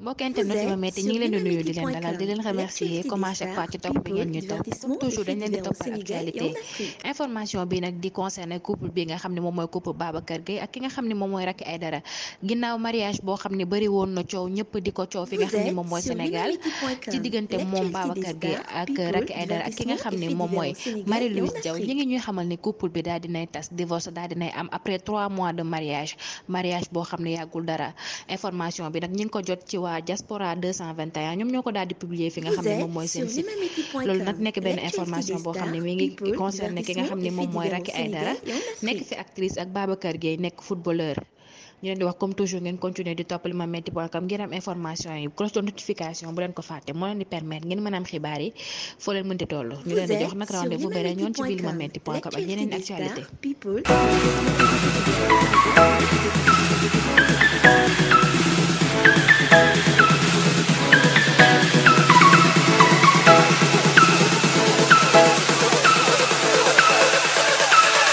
mbokk internet yi ma di nuyu di leen dalal di leen remercier comme à chaque fois ci topp bi nga xam ne moom mooy couple Babacar Gueye ak ki nga xam ne moom mooy boo xam ne bëri woon na coow ñëpp di ko coow fi nga xam ne moom mooy Sénégal ci diggante moom Babacar Gueye ak Racky Aïdara ak ki nga xam ne moom mooy Marie-Louise Diaw ñi ngi ñuy xamal ne couple bi daal dinay tas divorce daal dinay am après trois mois de mariage mariage boo xam ne yàggul dara information bi nag ñi ngi ko jot ci waa waa diaspora 221 ñoom ñoo ko daal di publier fi nga xam ne moom mooy seen site loolu nag nekk benn information boo xam ne mi ngi concerné ki nga xam ne moom mooy Racky Aïdara nekk fi actrice ak Babacar Gueye nekk footballeur ñu leen di wax comme toujours ngeen continuer di topp metti point com ngeen am information yi cloche de notification bu leen ko fàtte moo leen di permettre ngeen mën am xibaar yi foo leen mënti toll ñu leen di jox nag rendez-vous beneen yoon ci ma metti point com ak yeneen actualité